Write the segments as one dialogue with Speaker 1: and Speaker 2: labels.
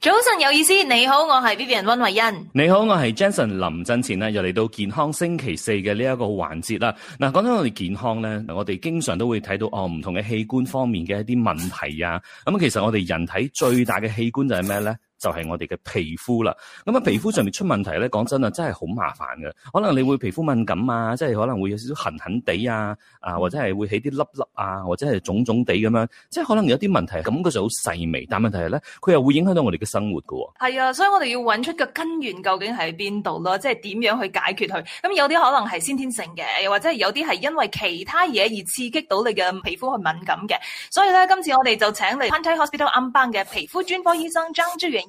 Speaker 1: 早晨有意思，你好，我係 Vivian 溫慧欣。
Speaker 2: 你好，我係 Jensen 林振前啦，又嚟到健康星期四嘅呢一個環節啦。嗱，講到我哋健康咧，我哋經常都會睇到哦，唔同嘅器官方面嘅一啲問題啊。咁、嗯、其實我哋人體最大嘅器官就係咩咧？就係我哋嘅皮膚啦。咁、嗯、啊，皮膚上面出問題咧，講真啊，真係好麻煩嘅。可能你會皮膚敏感啊，即係可能會有少少痕痕地啊，啊或者係會起啲粒粒啊，或者係腫腫地咁樣。即係可能有啲問題，感覺就好細微，但問題係咧，佢又會影響到我哋嘅生活喎、啊。
Speaker 1: 係啊，所以我哋要揾出個根源究竟喺邊度咯，即係點樣去解決佢？咁、嗯、有啲可能係先天性嘅，又或者係有啲係因為其他嘢而刺激到你嘅皮膚去敏感嘅。所以咧，今次我哋就請嚟 Pantai Hospital Ampang 嘅皮膚專科醫生張珠元。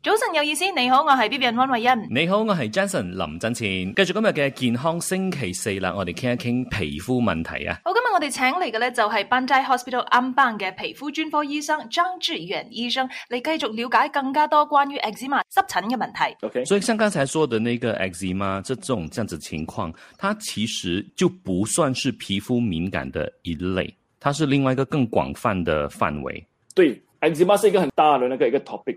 Speaker 1: 早晨有意思，你好，我係 B B Anne 温慧欣。
Speaker 2: 你好，我是 Jenson 林振前。繼續今日嘅健康星期四啦，我哋傾一傾皮膚問題啊。
Speaker 1: 好，今日我哋請嚟嘅咧就係班齋 Hospital 暗班嘅皮膚專科醫生張志遠醫生，嚟繼續了解更加多關於 eczema 濕疹嘅問題。OK，所
Speaker 2: 以像剛才說的那個 eczema 這種這樣子情況，它其實就不算是皮膚敏感的一類，它是另外一個更廣泛的範圍。
Speaker 3: 對，eczema 是一個很大的那個一個 topic。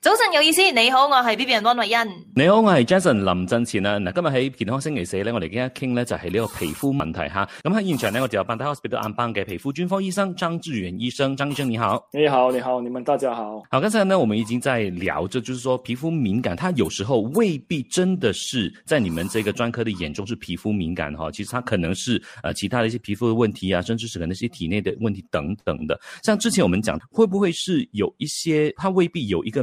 Speaker 1: 早晨有意思，你好，我係 B B n 溫慧欣。
Speaker 2: 你好，我係 Jason 林振前呢今日喺健康星期四呢，我哋今日傾就呢、是、皮膚問題，咁喺現場呢，我就要幫大家 hospital 安排嘅皮膚專科醫生張志源醫生。張醫生張你好，
Speaker 3: 你好，你好，你們大家好。
Speaker 2: 好，剛才呢，我們已經在聊，着就是說皮膚敏感，它有時候未必真的是在你們這個專科的眼中是皮膚敏感哈。其實，它可能是、呃、其他的一些皮膚的問題啊，甚至是可能是體內的問題等等的。像之前我們講，會不會是有一些，它未必有一個。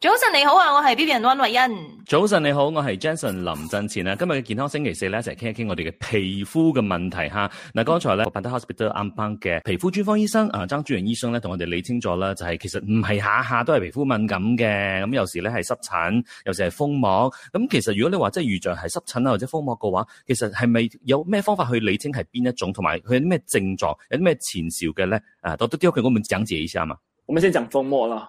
Speaker 1: 早晨你好啊，我係 B B 人安慧欣。
Speaker 2: 早晨你好，我係 Johnson 林振前啊。今日嘅健康星期四咧，談一齊傾一傾我哋嘅皮膚嘅問題吓。嗱、啊，剛才咧，嗯、我拍得 Hospital Ampang 嘅皮膚專科醫生啊，曾主任醫生咧，同我哋理清楚啦。就係、是、其實唔係下下都係皮膚敏感嘅，咁有時咧係濕疹，有時係風膜。咁其實如果你話真係遇着係濕疹啊，或者風膜嘅話，其實係咪有咩方法去理清係邊一種，同埋佢有啲咩症狀，有啲咩前兆嘅咧？啊，都都丟佢，我們講解一下嘛。
Speaker 3: 我們先講風膜啦。